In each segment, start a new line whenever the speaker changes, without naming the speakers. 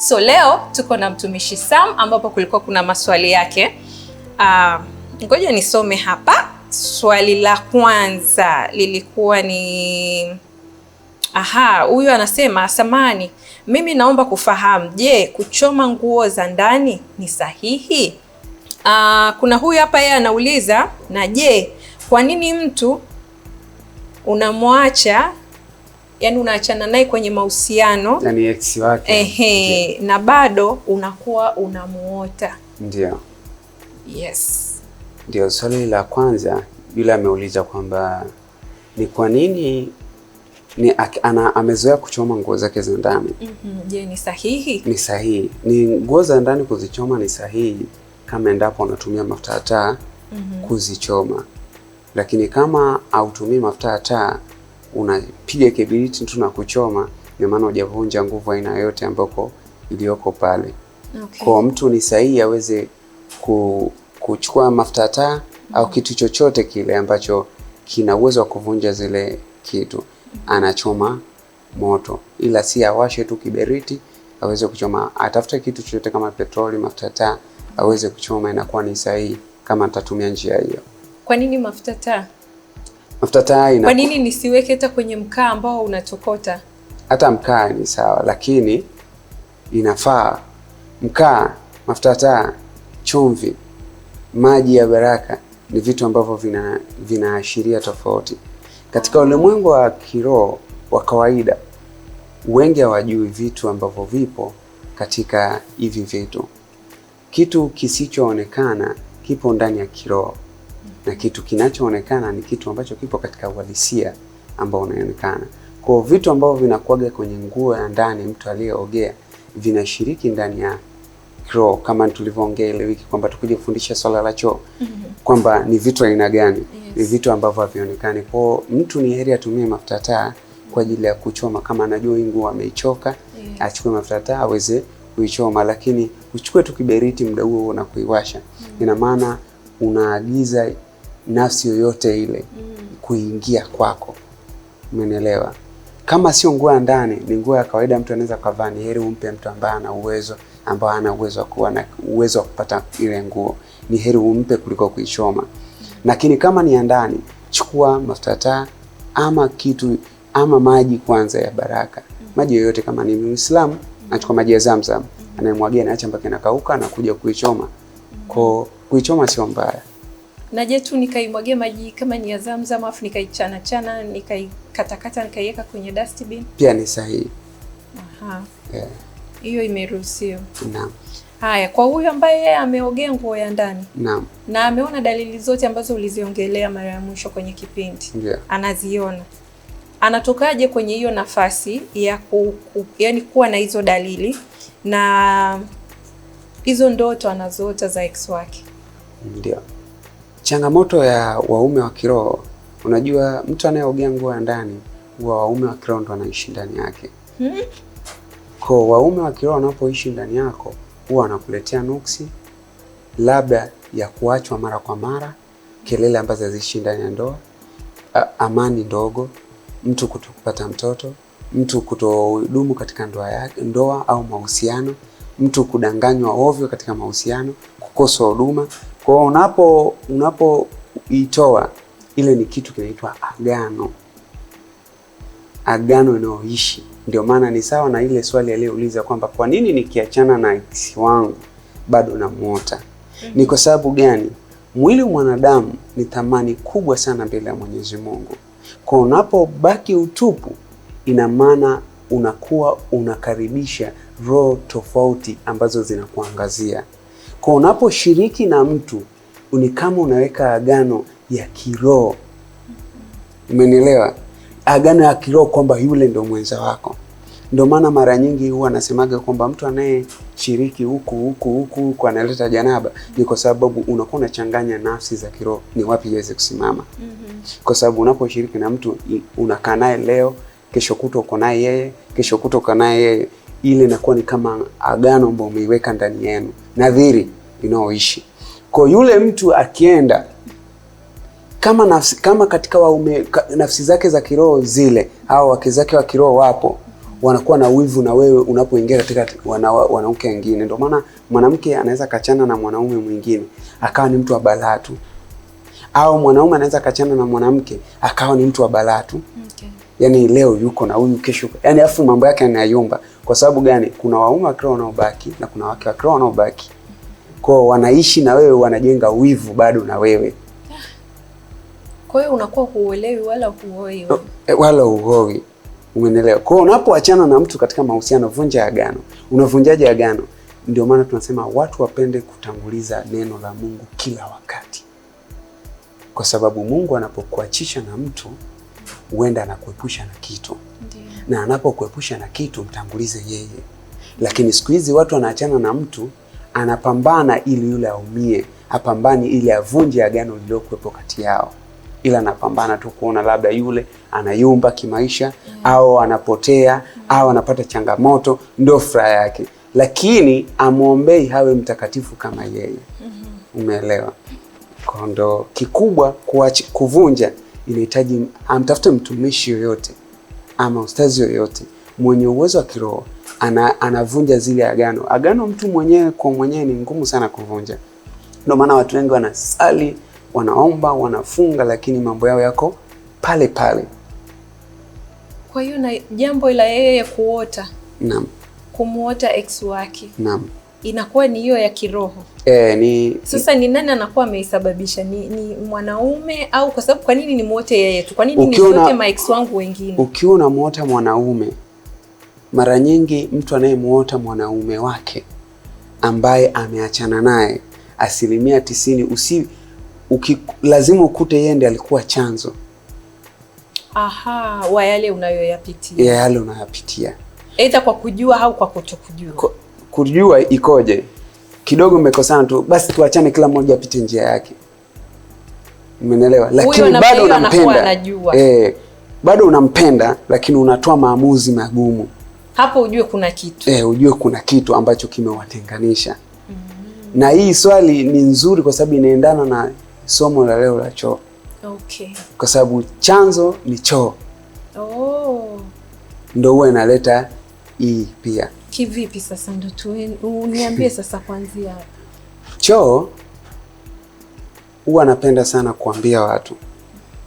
So leo tuko na mtumishi Sam ambapo kulikuwa kuna maswali yake. Ah, ngoja uh, nisome hapa. Swali la kwanza lilikuwa ni aha, huyu anasema samani, mimi naomba kufahamu, je, kuchoma nguo za ndani ni sahihi? Uh, kuna huyu hapa yeye anauliza na je, kwa nini mtu unamwacha yani unaachana naye kwenye mahusiano
na ni ex wake,
ehe, na bado unakuwa unamuota. Ndio, yes,
ndio. Swali la kwanza yule ameuliza kwamba ni kwa nini ni ana amezoea kuchoma nguo zake za ndani.
Mhm, je, mm ni sahihi?
Ni sahihi, ni nguo za ndani kuzichoma ni sahihi kama endapo unatumia mafuta ya taa mm -hmm. kuzichoma, lakini kama hautumii mafuta ya taa unapiga kibiriti tu na kuchoma, ndio maana hujavunja nguvu aina yoyote ambako iliyoko pale. Okay. Kwa mtu ni sahihi aweze ku, kuchukua mafuta taa mm -hmm. au kitu chochote kile ambacho kina uwezo wa kuvunja zile kitu anachoma moto, ila si awashe tu kiberiti aweze kuchoma, atafute kitu chochote kama petroli, mafuta taa mm. aweze kuchoma, inakuwa ni sahihi kama atatumia njia hiyo.
Kwa nini mafuta taa?
mafuta taa ina. Kwa
nini nisiweke hata kwenye mkaa ambao unatokota?
Hata mkaa ni sawa, lakini inafaa mkaa, mafuta taa, chumvi, maji ya baraka ni vitu ambavyo vina vinaashiria tofauti katika ulimwengu wa kiroho wa kawaida. Wengi hawajui vitu ambavyo vipo katika hivi vitu. Kitu kisichoonekana kipo ndani ya kiroho na kitu kinachoonekana ni kitu ambacho kipo katika uhalisia ambao unaonekana. Kwa vitu ambavyo vinakuaga kwenye nguo ya ndani mtu aliyeogea vinashiriki ndani ya choo, kama tulivyoongea ile wiki kwamba tukuje kufundisha swala la choo mhm. kwamba ni vitu aina gani yes. ni vitu ambavyo havionekani. Kwa mtu ni heri atumie mafuta taa kwa ajili ya kuchoma, kama anajua hii nguo ameichoka yes. achukue mafuta taa aweze kuichoma, lakini uchukue tu kiberiti muda huo na kuiwasha mm ina maana unaagiza nafsi yoyote ile mm. kuingia kwako. Umenielewa? Kama sio nguo ya ndani, ni nguo ya kawaida mtu anaweza kavaa, ni heri umpe mtu ambaye ana uwezo ambaye ana uwezo wa kuwa na uwezo wa kupata ile nguo, ni heri umpe kuliko kuichoma. Mm. Lakini mm. kama ni ya ndani, chukua mafuta taa ama kitu ama maji kwanza ya baraka, mm. maji yoyote. Kama ni Muislamu mm. achukua maji ya Zamzam, mm. anayemwagia naacha mpaka inakauka na kuja kuichoma. Mm. Kwa kuichoma sio mbaya
je tu nikaimwagia maji kama ni ya Zamzam, afu nikaichana chana, nikaikatakata, nikaiweka kwenye dustbin.
Pia ni sahihi. Aha. Yeah.
Hiyo imeruhusiwa. Naam. Haya, kwa huyo ambaye yeye ameogea nguo ya ndani naam, na ameona dalili zote ambazo uliziongelea mara ya mwisho kwenye kipindi yeah, anaziona, anatokaje kwenye hiyo nafasi ya ku, ku, yani kuwa na hizo dalili na hizo ndoto anazoota za ex wake?
Ndio. Changamoto ya waume wa kiroho, unajua mtu anayeogea nguo ya ndani huwa waume wa kiroho ndo anaishi ndani yake. Hmm? Kwa waume wa kiroho wanapoishi ndani yako huwa wanakuletea nuksi labda ya kuachwa mara kwa mara, kelele ambazo haziishi ndani ya ndoa, amani ndogo, mtu kutokupata mtoto, mtu kutodumu katika ndoa yake, ndoa au mahusiano, mtu kudanganywa ovyo katika mahusiano, kukosa huduma. Kwa hiyo unapo unapoitoa ile ni kitu kinaitwa agano, agano inayoishi. Ndio maana ni sawa na ile swali aliyouliza kwamba kwa nini nikiachana na ex wangu bado namuota? mm -hmm. Ni kwa sababu gani? Mwili mwanadamu ni thamani kubwa sana mbele ya Mwenyezi Mungu. Kwa unapobaki utupu, ina maana unakuwa unakaribisha roho tofauti ambazo zinakuangazia. Kwa unaposhiriki na mtu ni kama unaweka agano ya kiroho, umenielewa? Agano ya kiroho kwamba yule ndo mwenza wako. Ndio maana mara nyingi huwa anasemaga kwamba mtu anayeshiriki huku huku huku huku analeta janaba, ni kwa sababu unakuwa unachanganya nafsi za kiroho, ni wapi iweze kusimama. Mm-hmm. Kwa sababu unaposhiriki na mtu unakaa naye leo, kesho kuto uko naye yeye, kesho kuto uko naye yeye, ile inakuwa ni kama agano ambao umeiweka ndani yenu nadhiri inaoishi. Kwa yule mtu akienda kama nafsi, kama katika waume, ka, nafsi zake za kiroho zile au wake zake wa kiroho wapo wanakuwa na wivu na wewe unapoingia katika wana, wanawake wengine. Ndio maana mwanamke anaweza kachana na mwanaume mwingine akawa ni mtu wa balaa tu, au mwanaume anaweza kachana na mwanamke akawa ni mtu wa balaa tu okay. Yani leo yuko na huyu kesho, yani afu mambo yake yanayumba. Kwa sababu gani? Kuna waume wa kiroho wanaobaki na kuna wake wa kiroho wanaobaki, kwao wanaishi na wewe, wanajenga wivu bado na wewe.
Kwa hiyo unakuwa huuelewi wala huoi
eh, wala huoi, umeelewa? Kwa hiyo unapoachana na mtu katika mahusiano, vunja agano. Unavunjaje agano? Ndio maana tunasema watu wapende kutanguliza neno la Mungu kila wakati, kwa sababu Mungu anapokuachisha na mtu huenda anakuepusha na kitu Ndiyo. na anapokuepusha na kitu mtangulize yeye, lakini siku hizi watu wanaachana na mtu anapambana ili yule aumie, hapambani ili avunje agano lililokuwepo kati yao, ila anapambana tu kuona labda yule anayumba kimaisha yeah. au anapotea yeah. au anapata changamoto, ndo furaha yake, lakini amwombei hawe mtakatifu kama yeye mm -hmm. Umeelewa? Ndo kikubwa kuvunja inahitaji amtafute mtumishi yoyote ama ustazi yoyote mwenye uwezo wa kiroho ana, anavunja zile agano. Agano mtu mwenyewe kwa mwenyewe ni ngumu sana kuvunja. Ndio maana watu wengi wanasali, wanaomba, wanafunga, lakini mambo yao yako pale pale.
Kwa hiyo na jambo la yeye kuota, naam, kumuota ex wake, naam inakuwa ni hiyo ya kiroho
e, ni
sasa ni nani anakuwa ameisababisha? Ni, ni mwanaume au kwa sababu, kwa nini nimwote yeye tu? Kwa nini nisiote max wangu wengine?
Ukiwa unamwota mwanaume, mara nyingi mtu anayemwota mwanaume wake ambaye ameachana naye asilimia tisini usi uki, lazima ukute yeye ndiye alikuwa chanzo
Aha, wa yale unayoyapitia,
ya yale unayapitia
aidha kwa kujua au kwa kutokujua
kujua ikoje. Kidogo mmekosana tu, basi tuachane, kila mmoja apite njia yake, umenielewa? Lakini bado unampenda eh, bado unampenda, lakini unatoa maamuzi magumu.
Hapo ujue kuna kitu
eh, ujue kuna kitu ambacho kimewatenganisha. mm -hmm. Na hii swali ni nzuri kwa sababu inaendana na somo la leo la choo. Okay. Kwa sababu chanzo ni choo.
Oh.
Ndio huwa inaleta hii pia.
Kivipi sasa ndoto yenu? Uniambie sasa kuanzia
Choo huwa napenda sana kuambia watu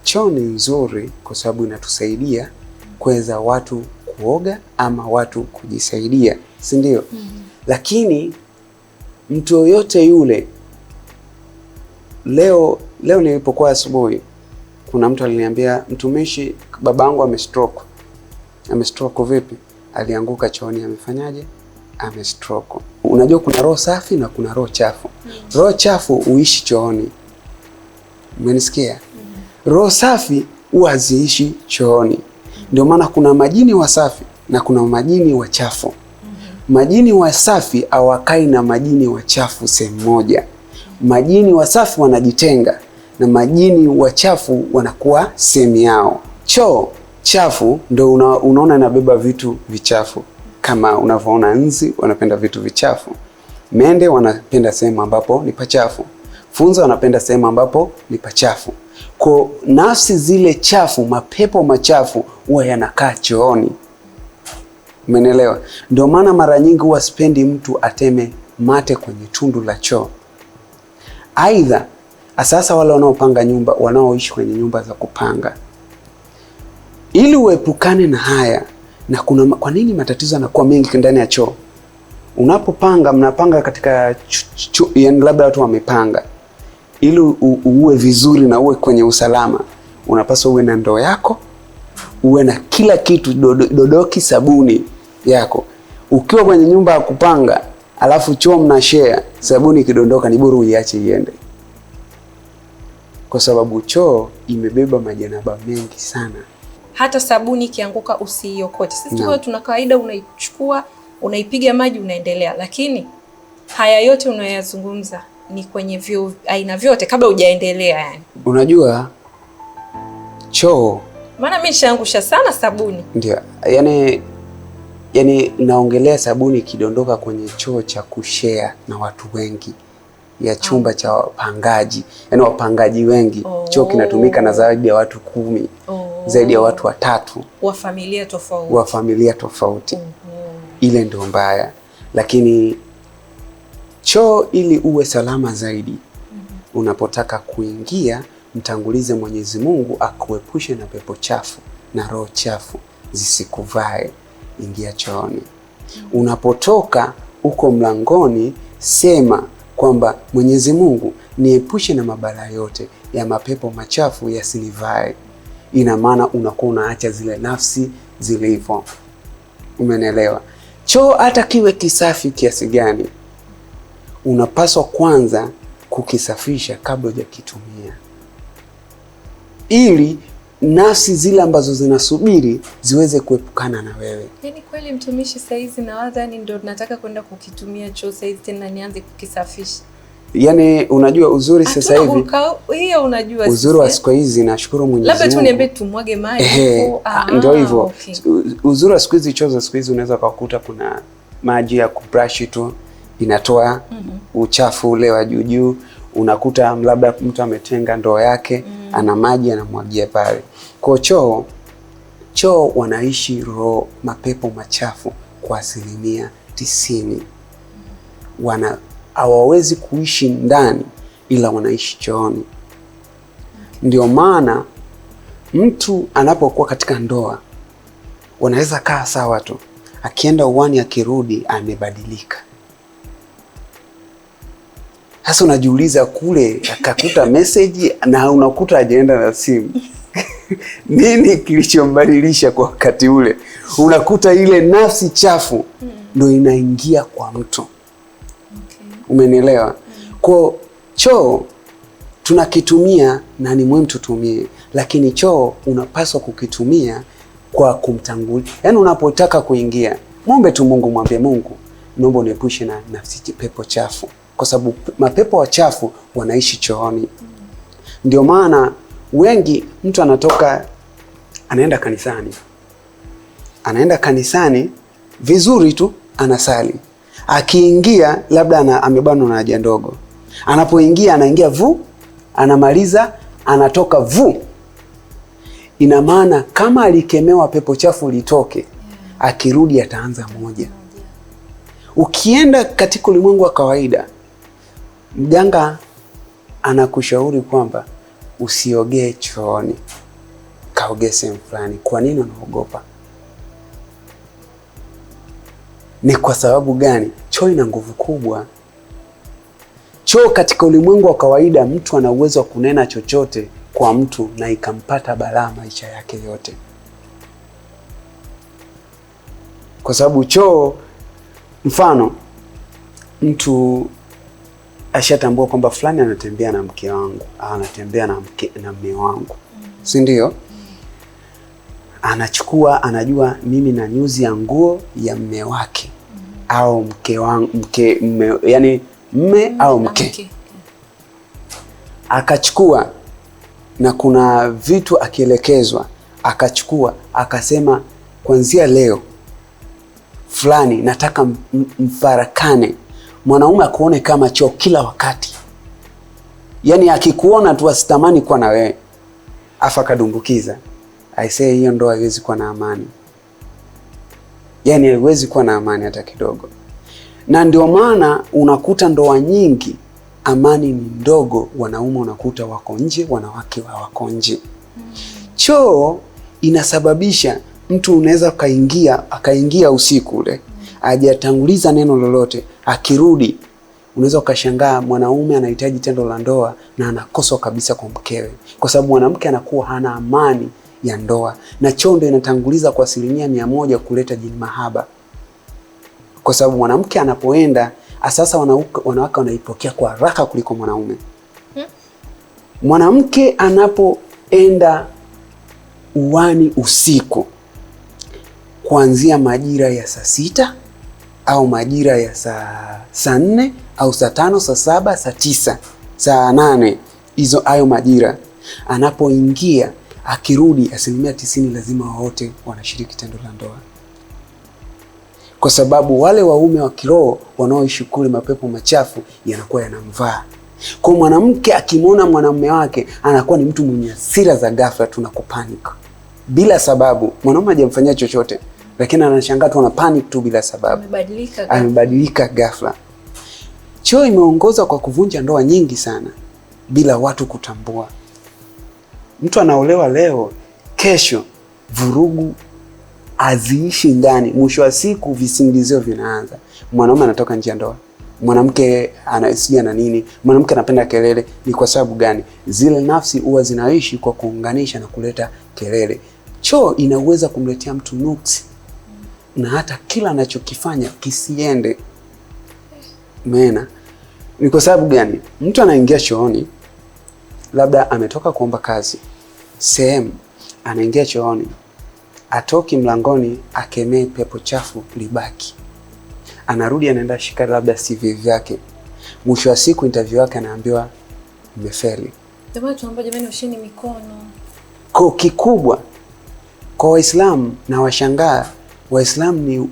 choo ni nzuri kwa sababu inatusaidia kuweza watu kuoga ama watu kujisaidia, si ndio? mm -hmm. Lakini mtu yoyote yule, leo leo nilipokuwa asubuhi, kuna mtu aliniambia mtumishi, babangu ame stroke vipi? alianguka chooni, amefanyaje? Amestroke. Unajua kuna roho safi na kuna roho chafu. Roho chafu huishi chooni, umenisikia? Mm-hmm. Roho safi huwa haziishi chooni. Ndio maana kuna majini wasafi na kuna majini wachafu. Mm-hmm. Majini wasafi hawakai na majini wachafu sehemu moja. Majini wasafi wanajitenga na majini wachafu wanakuwa sehemu yao choo chafu ndo una, unaona inabeba vitu vichafu kama unavyoona nzi wanapenda vitu vichafu, mende wanapenda sehemu ambapo ni pachafu, funza wanapenda sehemu ambapo ni pachafu. Kwa nafsi zile chafu, mapepo machafu huwa yanakaa chooni. Umenelewa? Ndio maana mara nyingi huwa sipendi mtu ateme mate kwenye tundu la choo. Aidha, sasa wale wanaopanga nyumba, wanaoishi kwenye nyumba za kupanga ili uepukane na haya na kuna, kwa nini matatizo yanakuwa mengi ndani ya choo? Unapopanga mnapanga katika yani, labda watu wamepanga, ili uwe vizuri na uwe kwenye usalama, unapaswa uwe na ndoo yako, uwe na kila kitu, dodoki, sabuni yako. Ukiwa kwenye nyumba ya kupanga alafu choo mna share, sabuni ikidondoka ni bora uiache iende, kwa sababu choo imebeba majanaba mengi sana
hata sabuni ikianguka usiiokote. Sisi no. tuna kawaida unaichukua unaipiga maji unaendelea, lakini haya yote unayoyazungumza ni kwenye vyo aina vyote kabla hujaendelea. Yani
unajua choo,
maana mimi nishaangusha sana sabuni.
Ndio yani, yani naongelea sabuni ikidondoka kwenye choo cha kushea na watu wengi ya ah. chumba ah, cha wapangaji, yani wapangaji wengi oh, choo kinatumika na oh. zaidi ya watu kumi oh zaidi ya watu watatu
wa familia tofauti,
wa familia tofauti. Mm -hmm. Ile ndio mbaya, lakini choo ili uwe salama zaidi mm -hmm. unapotaka kuingia mtangulize Mwenyezi Mungu akuepushe na pepo chafu na roho chafu zisikuvae, ingia chooni. mm -hmm. Unapotoka uko mlangoni, sema kwamba Mwenyezi Mungu niepushe na mabala yote ya mapepo machafu yasinivae ina maana unakuwa unaacha zile nafsi zilivyo. Umenielewa? Choo hata kiwe kisafi kiasi gani, unapaswa kwanza kukisafisha kabla hujakitumia, ili nafsi zile ambazo zinasubiri ziweze kuepukana na wewe.
Yani kweli mtumishi, saizi nawadhani ndo nataka kwenda kukitumia choo saizi, tena nianze kukisafisha
yani unajua uzuri sasa
hivi. Hiyo unajua
uzuri wa siku hizi nashukuru Mwenyezi
Mungu. Labda tu niambie tumwage maji.
Ah, ah, ndio hivyo. Uzuri wa siku hizi, choo za siku hizi unaweza kukuta kuna maji ya kubrush tu inatoa mm -hmm. uchafu ule wa juu juu, unakuta labda mtu ametenga ndoo yake mm -hmm. ana maji anamwagia pale. Kwa choo choo wanaishi roho mapepo machafu kwa asilimia tisini. Mm. Wana hawawezi kuishi ndani, ila wanaishi chooni. Ndio maana mtu anapokuwa katika ndoa wanaweza kaa sawa tu, akienda uwani, akirudi amebadilika. Sasa unajiuliza kule akakuta meseji na unakuta ajaenda na simu nini kilichombadilisha kwa wakati ule? Unakuta ile nafsi chafu hmm. ndo inaingia kwa mtu. Umenielewa? Kwa choo tunakitumia na ni muhimu tutumie, lakini choo unapaswa kukitumia kwa kumtangulia, yaani unapotaka kuingia mwombe tu Mungu, mwambie Mungu, naomba uniepushe na nafsi pepo chafu, kwa sababu mapepo wachafu wanaishi chooni. Ndio maana wengi, mtu anatoka anaenda kanisani, anaenda kanisani vizuri tu, anasali Akiingia labda amebanwa na haja ndogo, anapoingia anaingia vu, anamaliza anatoka vu. Ina maana kama alikemewa pepo chafu litoke, akirudi ataanza moja. Ukienda katika ulimwengu wa kawaida, mganga anakushauri kwamba usiogee chooni, kaogee sehemu fulani. Kwa nini unaogopa? Ni kwa sababu gani? Choo ina nguvu kubwa. Choo katika ulimwengu wa kawaida, mtu ana uwezo wa kunena chochote kwa mtu na ikampata balaa maisha yake yote, kwa sababu choo. Mfano, mtu ashatambua kwamba fulani anatembea na mke wangu, anatembea na mke na mme wangu, si ndio? anachukua, anajua mimi na nyuzi ya nguo ya mme wake mm. au mke wangu mke, mme, yani mme mm, au mke, mke akachukua na kuna vitu akielekezwa akachukua akasema, kuanzia leo fulani nataka mfarakane. Mwanaume akuone kama choo kila wakati, yani akikuona tu asitamani kuwa na wewe, afa akadumbukiza aisee, hiyo ndoa haiwezi kuwa na amani, yaani haiwezi kuwa na amani hata kidogo. Na ndio maana unakuta ndoa nyingi amani ni ndogo, wanaume unakuta wako nje, wanawake wako nje. Choo inasababisha mtu unaweza kaingia akaingia usiku ule ajatanguliza neno lolote, akirudi unaweza ukashangaa mwanaume anahitaji tendo la ndoa na anakoswa kabisa kwa mkewe, kwa sababu mwanamke anakuwa hana amani ya ndoa, na chondo inatanguliza kwa asilimia mia moja kuleta jini mahaba, kwa sababu mwanamke anapoenda sasa, wanawake wanaipokea kwa raka kuliko mwanaume. Hmm? Mwanamke anapoenda uwani usiku kuanzia majira ya saa sita au majira ya saa saa nne au saa tano saa saba saa tisa saa nane hizo hayo majira anapoingia akirudi asilimia tisini lazima wote wanashiriki tendo la ndoa, kwa sababu wale waume wa kiroho wanaoishi kule mapepo machafu yanakuwa yanamvaa. Kwa mwanamke akimwona mwanamume wake anakuwa ni mtu mwenye hasira za ghafla tu na kupanic bila sababu. Mwanaume hajamfanyia chochote, lakini anashangaa tu, ana panic tu bila sababu, amebadilika ghafla. Choo imeongoza kwa kuvunja ndoa nyingi sana bila watu kutambua. Mtu anaolewa leo, kesho vurugu haziishi ndani. Mwisho wa siku visingizio vinaanza, mwanaume anatoka nje ya ndoa, mwanamke anasijia na nini, mwanamke anapenda kelele. Ni kwa sababu gani? Zile nafsi huwa zinaishi kwa kuunganisha na kuleta kelele. Choo inaweza kumletea mtu nuksi na hata kila anachokifanya kisiende mena. Ni kwa sababu gani? Mtu anaingia chooni, labda ametoka kuomba kazi sehemu, anaingia chooni, atoki mlangoni, akemee pepo chafu libaki, anarudi anaenda shika labda CV vyake. Mwisho wa siku interview yake anaambiwa mmefeli.
Jamani, mikono
kwa kikubwa kwa Waislamu na washangaa Waislamu ni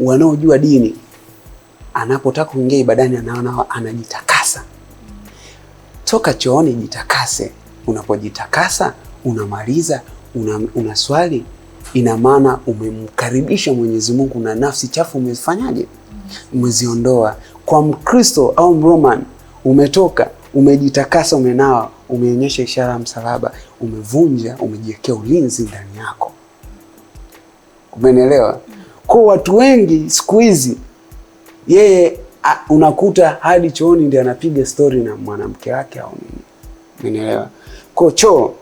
wanaojua dini, anapotaka kuingia ibadani anaona anajitakasa. Toka chooni jitakase, unapojitakasa unamaliza una, una swali, ina maana umemkaribisha Mwenyezi Mungu na nafsi chafu umefanyaje? Umeziondoa. Kwa Mkristo au Mroman umetoka, umejitakasa, umenawa, umeonyesha ishara ya msalaba, umevunja, umejiwekea ulinzi ndani yako. Umenielewa? Kwa watu wengi siku hizi yeye unakuta hadi chooni ndio anapiga stori na mwanamke wake au nini, umenielewa? Kwa choo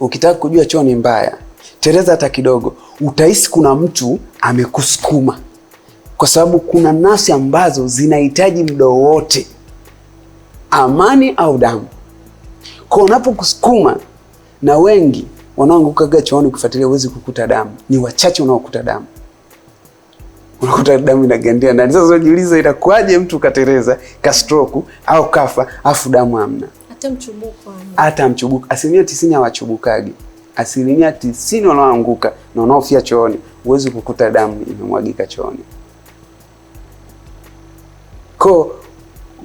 ukitaka kujua choo ni mbaya, tereza hata kidogo, utahisi kuna mtu amekusukuma, kwa sababu kuna nafsi ambazo zinahitaji mdo wote, amani au damu. Kwa unapokusukuma, na wengi wanaoangukaga chooni, ukifuatilia huwezi kukuta damu, ni wachache unaokuta damu unakuta damu inagandia ndani. Sasa unajiuliza inakuwaje mtu katereza kastroku au kafa afu damu hamna? hata mchubuka. Asilimia tisini hawachubukagi. Asilimia tisini wanaoanguka na wanaofia chooni, huwezi kukuta damu imemwagika chooni. Ko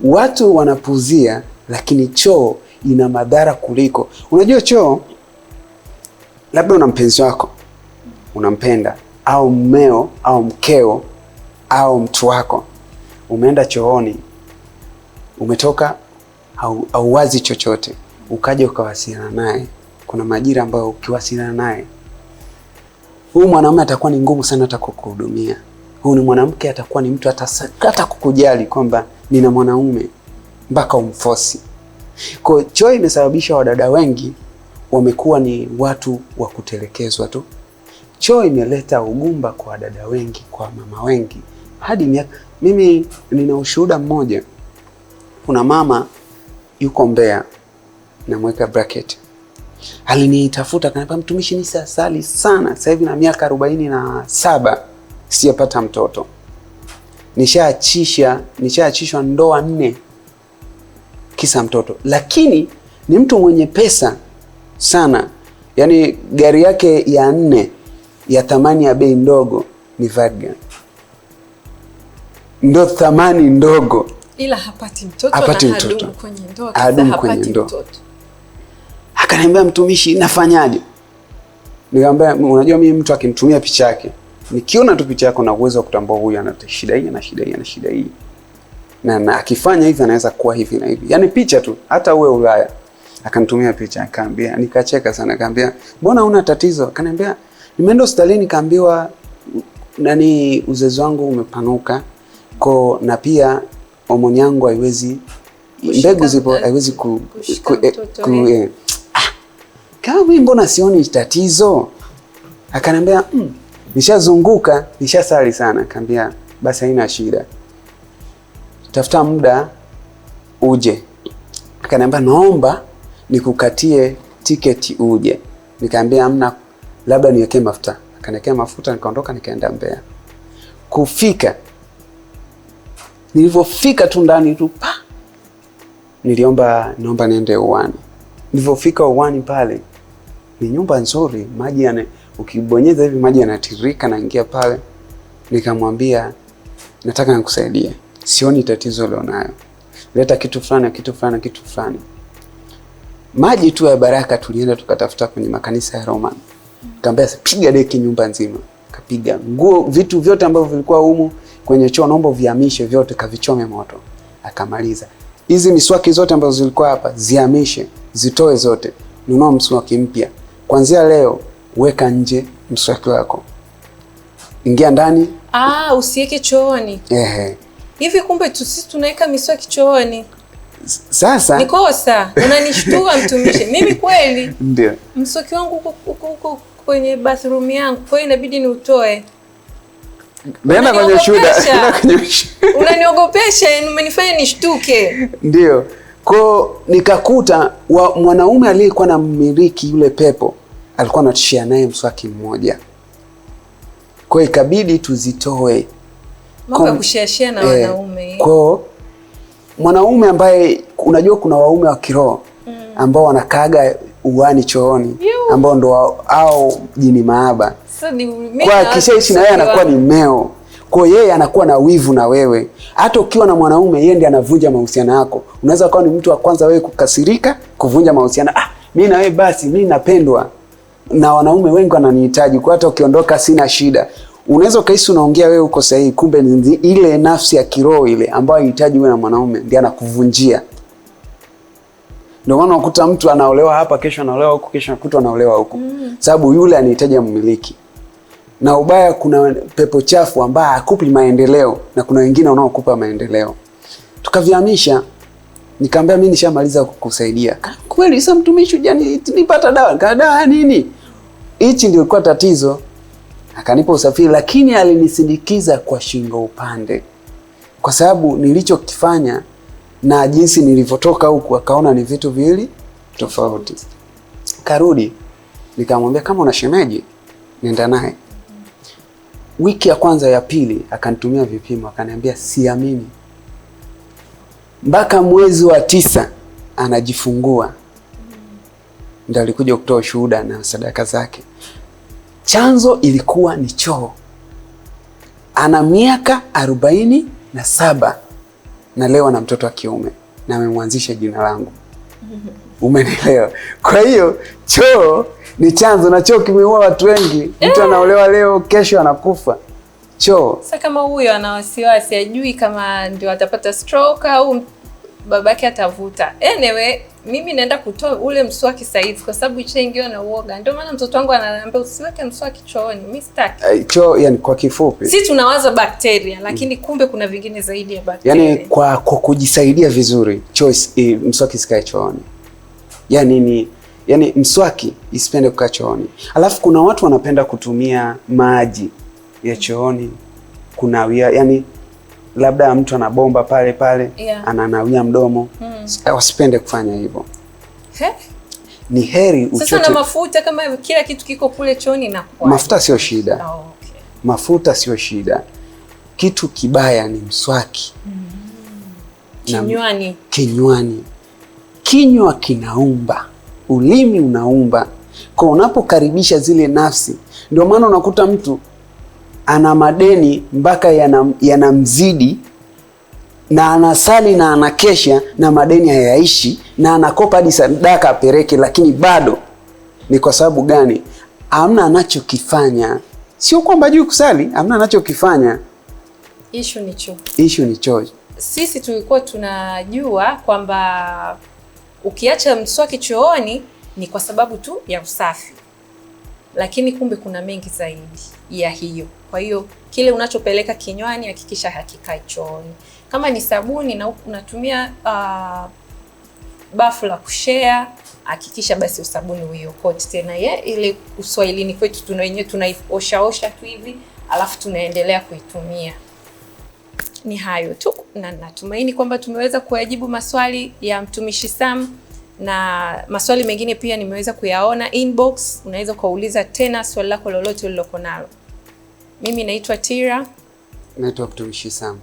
watu wanapuzia, lakini choo ina madhara kuliko. Unajua choo, labda una mpenzi wako unampenda, au mmeo au mkeo au mtu wako, umeenda chooni, umetoka hauwazi chochote, ukaja ukawasiliana naye. Kuna majira ambayo ukiwasiliana naye huyu mwanaume atakuwa ni ngumu sana hata kukuhudumia. Huyu ni mwanamke, atakuwa ni mtu hata kukujali kwamba nina mwanaume mpaka umfosi. Kwa hiyo choo imesababisha wadada wengi wamekuwa ni watu wa kutelekezwa tu. Choo imeleta ugumba kwa wadada wengi, kwa mama wengi hadi miaka. Mimi nina ushuhuda mmoja, kuna mama yuko Mbeya, namweka bracket, alinitafuta akaniambia, mtumishi, sasali sana sasa hivi na miaka arobaini na saba sijapata mtoto, nishaachisha nishaachishwa ndoa nne kisa mtoto, lakini ni mtu mwenye pesa sana, yani gari yake ya nne ya thamani ya bei ndogo ni Vatigan, ndo thamani ndogo
ila hapati mtoto, hapati na mtoto. Hadumu kwenye ndoa,
hadumu kwenye ndoa. Akaniambia mtumishi, nafanyaje? Nikamwambia unajua, mimi mtu akimtumia picha yake nikiona tu picha yako na uwezo wa kutambua huyu ana shida hii na shida hii na shida hii na, na akifanya hivi anaweza kuwa hivi na hivi, yani picha tu, hata uwe Ulaya. Akanitumia picha, akaambia, nikacheka sana, akaambia mbona una tatizo? Akaniambia nimeenda hospitalini nikaambiwa nani, uzazi wangu umepanuka ko na pia homoni yangu haiwezi, mbegu zipo, haiwezi ku, ku, eh, ku eh. eh, ah, kama mimi mbona sioni tatizo? Akaniambia mm, nishazunguka nishasali sana. Akaambia basi haina shida, tafuta muda uje. Akaniambia naomba nikukatie tiketi uje. Nikaambia amna, labda niwekee mafuta. Akaniwekea mafuta, nikaondoka nikaenda mbea Kufika Nilivyofika tu ndani tu pa, niliomba niomba niende uwani. Nilivyofika uwani pale, ni nyumba nzuri, maji yana ukibonyeza hivi maji yanatirika naingia pale. Nikamwambia nataka nikusaidie, sioni tatizo lionayo, leta kitu fulani kitu fulani kitu fulani. Maji tu ya baraka, tulienda tukatafuta kwenye makanisa ya Roman. Nikamwambia piga deki nyumba nzima, kapiga nguo, vitu vyote ambavyo vilikuwa humu kwenye choo, naomba uvihamishe vyote, kavichome moto. Akamaliza, hizi miswaki zote ambazo zilikuwa hapa zihamishe, zitoe zote, nunua mswaki mpya. Kwanzia leo weka nje mswaki wako, ingia ndani.
Ah, usiweke chooni. Ehe, hivi kumbe sisi tunaweka miswaki chooni? Sasa ni kosa, unanishtua mtumishi. Mimi kweli ndio mswaki wangu uko kwenye bathroom yangu, kwa hiyo inabidi niutoe.
Naenda kwenye shuda.
Unaniogopesha, umenifanya nishtuke.
Ndio. Kwa nikakuta wa mwanaume aliyekuwa na mmiliki yule pepo alikuwa anatishia naye mswaki mmoja. Kwa ikabidi tuzitoe.
Mambo ya kushashia na eh, wanaume.
Kwa mwanaume ambaye unajua kuna waume wa kiroho mm. ambao wanakaaga uani chooni ambao ndo au jini maaba kwa akishaishi na yeye anakuwa ni mmeo kwa yeye anakuwa na wivu na wewe. Hata ukiwa na mwanaume, yeye ndiye anavunja mahusiano yako. Unaweza kuwa ni mtu wa kwanza wewe kukasirika, kuvunja mahusiano. Ah, mimi na wewe basi, mimi napendwa na wanaume wengi wananihitaji, kwa hata ukiondoka sina shida. Unaweza ukahisi unaongea wewe uko sahihi, kumbe ni ile nafsi ya kiroho ile ambayo inahitaji wewe na mwanaume ndiye anakuvunjia. Ndio maana ukuta mtu anaolewa hapa, kesho anaolewa huko, kesho anakuta anaolewa huko, Mm. sababu yule anahitaji mmiliki na ubaya, kuna pepo chafu ambaye hakupi maendeleo na kuna wengine wanaokupa maendeleo. Tukavihamisha, nikaambia mimi nishamaliza kukusaidia. Kweli sasa, mtumishi, jani nipata dawa. Kaa dawa nini? Hichi ndio ilikuwa tatizo. Akanipa usafiri, lakini alinisindikiza kwa shingo upande, kwa sababu nilichokifanya na jinsi nilivyotoka huku akaona ni vitu viwili tofauti. Karudi nikamwambia, kama una shemeji nenda naye Wiki ya kwanza ya pili akanitumia vipimo, akaniambia siamini. Mpaka mwezi wa tisa anajifungua, ndo alikuja kutoa ushuhuda na sadaka zake. Chanzo ilikuwa ni choo. Ana miaka arobaini na saba na leo ana mtoto wa kiume na amemwanzisha jina langu. Umenielewa? Kwa hiyo choo ni chanzo, na choo kimeua watu wengi. Mtu eh. anaolewa leo, kesho anakufa choo.
Sasa kama huyo ana wasiwasi, ajui kama ndio atapata stroke au babake atavuta. Anyway, mimi naenda kutoa ule mswaki sasa hivi kwa sababu ishaingiwa na uoga. Ndio maana mtoto wangu ananiambia usiweke mswaki chooni. Mimi sitaki.
Uh, choo yani kwa kifupi.
Sisi tunawaza bakteria lakini mm, kumbe kuna vingine zaidi ya bakteria.
Yaani kwa, kwa kujisaidia vizuri, choo mswaki sikae chooni yani ni yani mswaki isipende kukaa chooni. Alafu kuna watu wanapenda kutumia maji ya chooni kunawia, yani labda mtu ana bomba pale pale, yeah. ananawia mdomo hmm. Wasipende kufanya hivyo Ni heri uchote. Sasa
na mafuta kama kila kitu kiko kule chooni na kwa.
Mafuta sio shida.
Oh, okay.
Mafuta sio shida. Kitu kibaya ni mswaki. Mm.
Kinywani.
Kinywani kinywa kinaumba, ulimi unaumba, kwa unapokaribisha zile nafsi. Ndio maana unakuta mtu ana madeni mpaka yanamzidi yana na anasali na anakesha na madeni hayaishi, na anakopa hadi sadaka apereke lakini bado ni kwa sababu gani? Amna anachokifanya. Sio kwamba juu kusali, amna anachokifanya.
Ishu ni choo,
ishu ni choo.
Sisi tulikuwa tunajua kwamba ukiacha mswaki chooni ni kwa sababu tu ya usafi, lakini kumbe kuna mengi zaidi ya hiyo. Kwa hiyo kile unachopeleka kinywani hakikisha hakikai chooni. Kama ni sabuni na unatumia uh, bafu la kushea, hakikisha basi usabuni uiokote tena ye ile uswahilini kwetu tuna wenyewe tunaioshaosha tu hivi, alafu tunaendelea kuitumia ni hayo tu, na natumaini kwamba tumeweza kuyajibu maswali ya mtumishi Sam na maswali mengine pia nimeweza kuyaona inbox. Unaweza ukauliza tena swali lako lolote uliloko nalo. Mimi naitwa Tira,
naitwa mtumishi Sam.